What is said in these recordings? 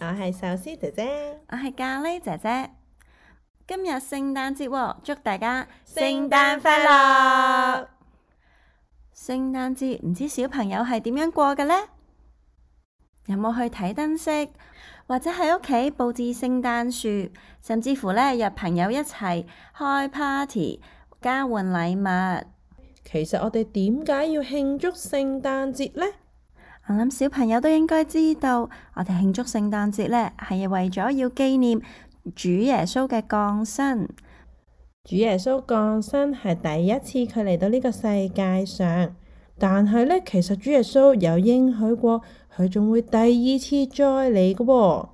我係壽司姐姐，我係咖喱姐姐。今日聖誕節，祝大家聖誕快樂！聖誕節唔知小朋友係點樣過嘅呢？有冇去睇燈飾，或者喺屋企布置聖誕樹，甚至乎呢約朋友一齊開 party，交換禮物。其實我哋點解要慶祝聖誕節呢？我諗小朋友都應該知道，我哋慶祝聖誕節咧，係為咗要紀念主耶穌嘅降生。主耶穌降生係第一次佢嚟到呢個世界上，但係咧，其實主耶穌有應許過，佢仲會第二次再嚟嘅哦。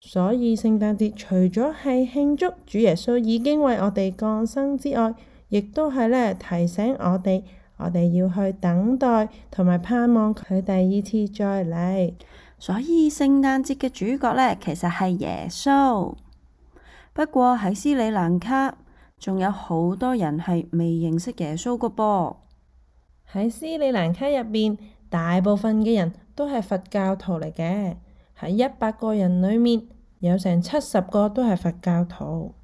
所以聖誕節除咗係慶祝主耶穌已經為我哋降生之外，亦都係咧提醒我哋。我哋要去等待同埋盼望佢第二次再嚟，所以聖誕節嘅主角咧，其實係耶穌。不過喺斯里蘭卡，仲有好多人係未認識耶穌個噃。喺斯里蘭卡入邊，大部分嘅人都係佛教徒嚟嘅，喺一百個人裏面，有成七十個都係佛教徒，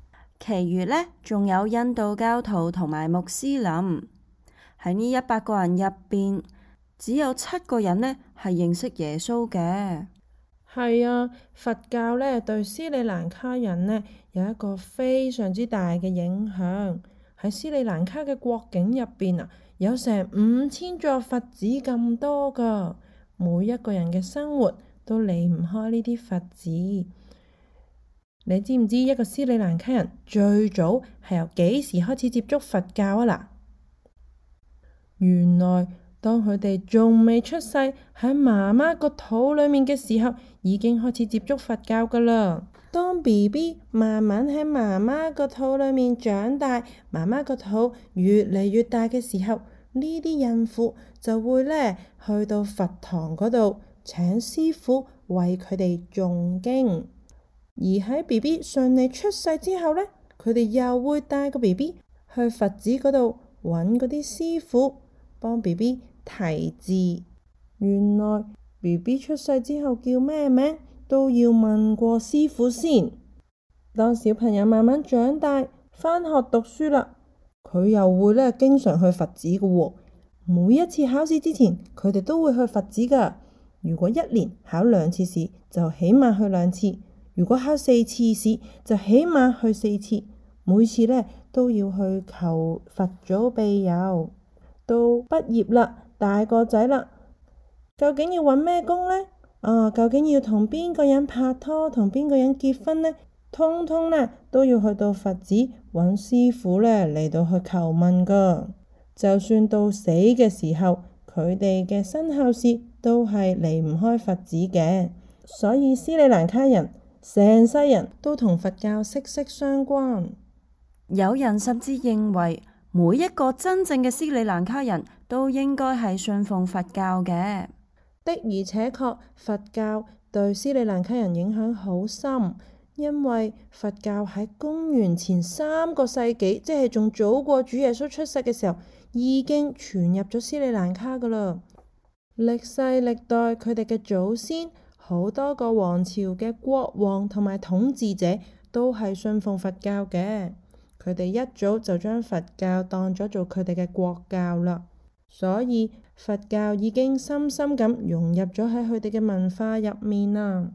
其餘咧仲有印度教徒同埋穆斯林。喺呢一百個人入邊，只有七個人呢係認識耶穌嘅。係啊，佛教呢對斯里蘭卡人呢有一個非常之大嘅影響。喺斯里蘭卡嘅國境入邊啊，有成五千座佛寺咁多㗎，每一個人嘅生活都離唔開呢啲佛寺。你知唔知一個斯里蘭卡人最早係由幾時開始接觸佛教啊？嗱？原來當佢哋仲未出世喺媽媽個肚裡面嘅時候，已經開始接觸佛教㗎啦。當 B B 慢慢喺媽媽個肚裡面長大，媽媽個肚越嚟越大嘅時候，呢啲孕婦就會咧去到佛堂嗰度請師傅為佢哋誦經。而喺 B B 順利出世之後咧，佢哋又會帶個 B B 去佛寺嗰度揾嗰啲師傅。幫 B B 提字，原來 B B 出世之後叫咩名都要問過師傅先。當小朋友慢慢長大，返學讀書啦，佢又會咧經常去佛寺嘅。每一次考試之前，佢哋都會去佛寺噶。如果一年考兩次試，就起碼去兩次；如果考四次試，就起碼去四次。每次咧都要去求佛祖庇佑。到畢業啦，大個仔啦，究竟要搵咩工呢？啊，究竟要同邊個人拍拖，同邊個人結婚呢？通通咧都要去到佛寺搵師傅咧嚟到去求問噶。就算到死嘅時候，佢哋嘅身後事都係離唔開佛寺嘅。所以斯里蘭卡人成世人都同佛教息息相關。有人甚至認為。每一個真正嘅斯里蘭卡人都應該係信奉佛教嘅，的而且確，佛教對斯里蘭卡人影響好深，因為佛教喺公元前三個世紀，即係仲早過主耶穌出世嘅時候，已經傳入咗斯里蘭卡㗎喇。歷世歷代佢哋嘅祖先，好多個王朝嘅國王同埋統治者都係信奉佛教嘅。佢哋一早就將佛教當咗做佢哋嘅國教啦，所以佛教已經深深咁融入咗喺佢哋嘅文化入面啦。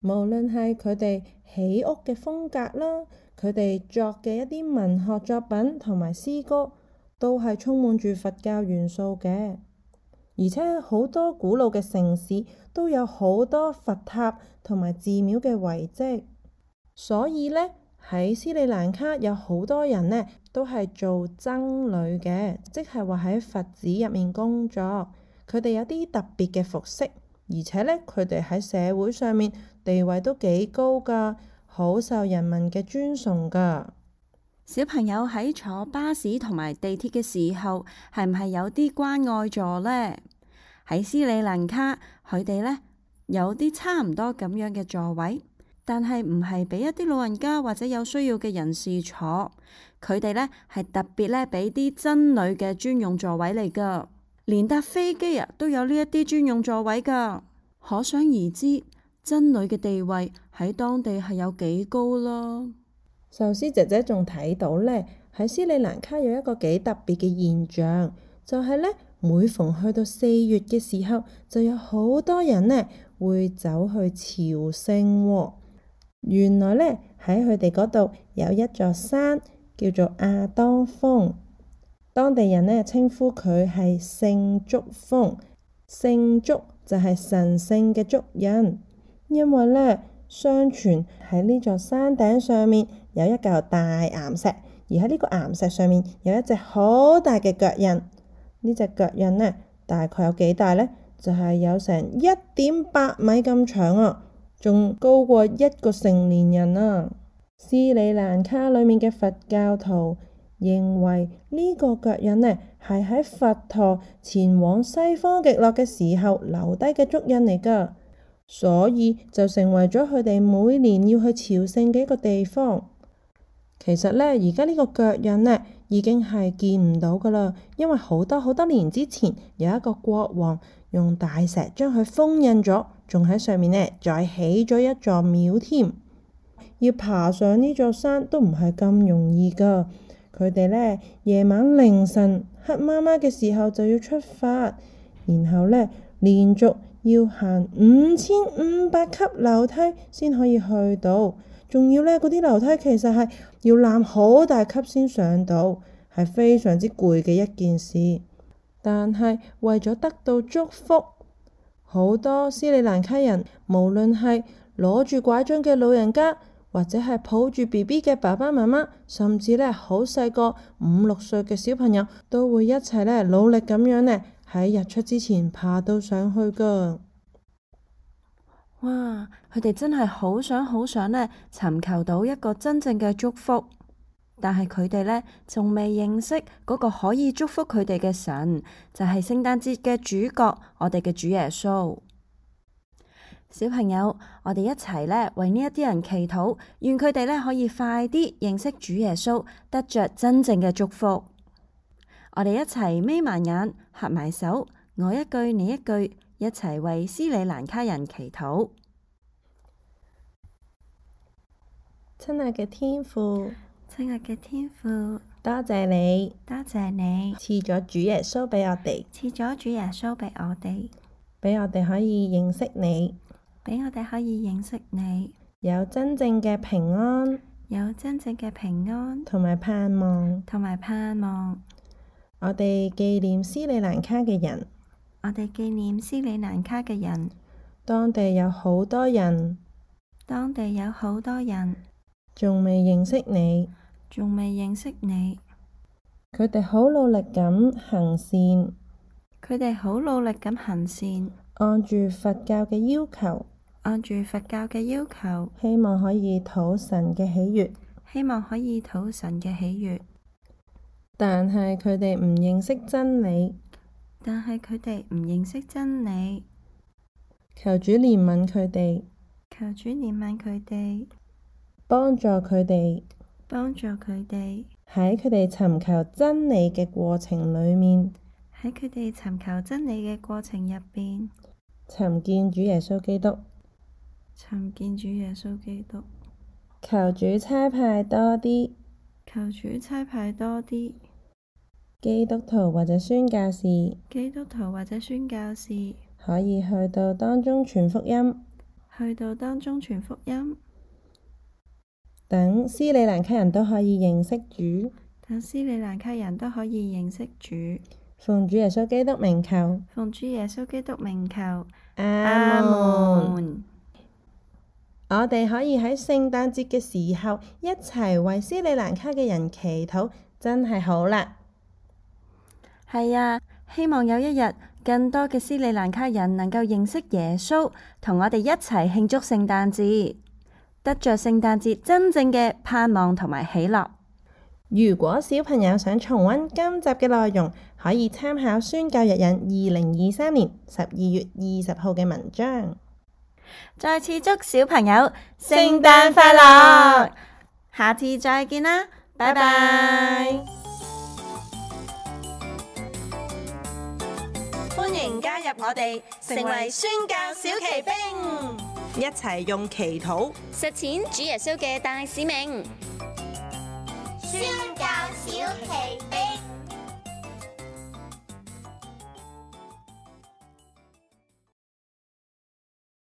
無論係佢哋起屋嘅風格啦，佢哋作嘅一啲文學作品同埋詩歌，都係充滿住佛教元素嘅。而且好多古老嘅城市都有好多佛塔同埋寺廟嘅遺跡，所以咧。喺斯里蘭卡有好多人呢都係做僧侶嘅，即係話喺佛寺入面工作。佢哋有啲特別嘅服飾，而且呢，佢哋喺社會上面地位都幾高㗎，好受人民嘅尊崇㗎。小朋友喺坐巴士同埋地鐵嘅時候，係唔係有啲關愛座呢？喺斯里蘭卡，佢哋呢有啲差唔多咁樣嘅座位。但係唔係畀一啲老人家或者有需要嘅人士坐，佢哋咧係特別咧俾啲僧侶嘅專用座位嚟噶。連搭飛機啊都有呢一啲專用座位噶，可想而知僧侶嘅地位喺當地係有幾高咯。壽司姐姐仲睇到咧喺斯里蘭卡有一個幾特別嘅現象，就係、是、咧每逢去到四月嘅時候，就有好多人咧會走去朝聖、哦。原來呢，喺佢哋嗰度有一座山，叫做亞當峰。當地人呢稱呼佢係聖足峰。聖足就係神聖嘅足印，因為呢，相傳喺呢座山頂上面有一嚿大岩石，而喺呢個岩石上面有一隻好大嘅腳印。呢隻腳印呢，大概有幾大呢？就係有成一點八米咁長啊！仲高過一個成年人啊！斯里蘭卡裡面嘅佛教徒認為呢個腳印呢，係喺佛陀前往西方極樂嘅時候留低嘅足印嚟㗎，所以就成為咗佢哋每年要去朝聖嘅一個地方。其實呢，而家呢個腳印呢已經係見唔到㗎喇，因為好多好多年之前有一個國王，用大石將佢封印咗，仲喺上面呢，再起咗一座廟添。要爬上呢座山都唔係咁容易㗎。佢哋呢，夜晚凌晨黑媽媽嘅時候就要出發，然後呢，連續要行五千五百級樓梯先可以去到，仲要呢，嗰啲樓梯其實係要攬好大級先上到，係非常之攰嘅一件事。但係為咗得到祝福，好多斯里蘭卡人，無論係攞住拐杖嘅老人家，或者係抱住 BB 嘅爸爸媽媽，甚至咧好細個五六歲嘅小朋友，都會一齊咧努力咁樣咧喺日出之前爬到上去噶。哇！佢哋真係好想好想咧尋求到一個真正嘅祝福。但係佢哋呢，仲未認識嗰個可以祝福佢哋嘅神，就係聖誕節嘅主角，我哋嘅主耶穌。小朋友，我哋一齊呢，為呢一啲人祈禱，願佢哋呢，可以快啲認識主耶穌，得着真正嘅祝福。我哋一齊眯埋眼，合埋手，我一句你一句，一齊為斯里蘭卡人祈禱。親愛嘅天父。親愛嘅天父，多謝你，多謝你，賜咗主耶穌畀我哋，賜咗主耶穌俾我哋，畀我哋可以認識你，畀我哋可以認識你，有真正嘅平安，有真正嘅平安，同埋盼望，同埋盼望，我哋紀念斯里蘭卡嘅人，我哋紀念斯里蘭卡嘅人，當地有好多人，當地有好多人，仲未認識你。仲未認識你，佢哋好努力咁行善。佢哋好努力咁行善，按住佛教嘅要求，按住佛教嘅要求，希望可以討神嘅喜悅，希望可以討神嘅喜悅，但係佢哋唔認識真理，但係佢哋唔認識真理，求主憐憫佢哋，求主憐憫佢哋，幫助佢哋。幫助佢哋喺佢哋尋求真理嘅過程裏面，喺佢哋尋求真理嘅過程入邊，尋見主耶穌基督，尋見主耶穌基督，求主差派多啲，求主差派多啲，基督徒或者宣教士，基督徒或者宣教士可以去到當中傳福音，去到當中傳福音。等斯里蘭卡人都可以認識主，等斯里蘭卡人都可以認識主。奉主耶穌基督名求，奉主耶穌基督名求。阿門。阿門。我哋可以喺聖誕節嘅時候一齊為斯里蘭卡嘅人祈禱，真係好啦。係啊，希望有一日更多嘅斯里蘭卡人能夠認識耶穌，同我哋一齊慶祝聖誕節。得着聖誕節真正嘅盼望同埋喜樂。如果小朋友想重温今集嘅內容，可以參考《宣教日引》二零二三年十二月二十號嘅文章。再次祝小朋友聖誕快樂，快樂，下次再見啦，拜拜！歡迎加入我哋，成為宣教小騎兵。一齊用祈禱實踐主耶穌嘅大使命，宣教小奇。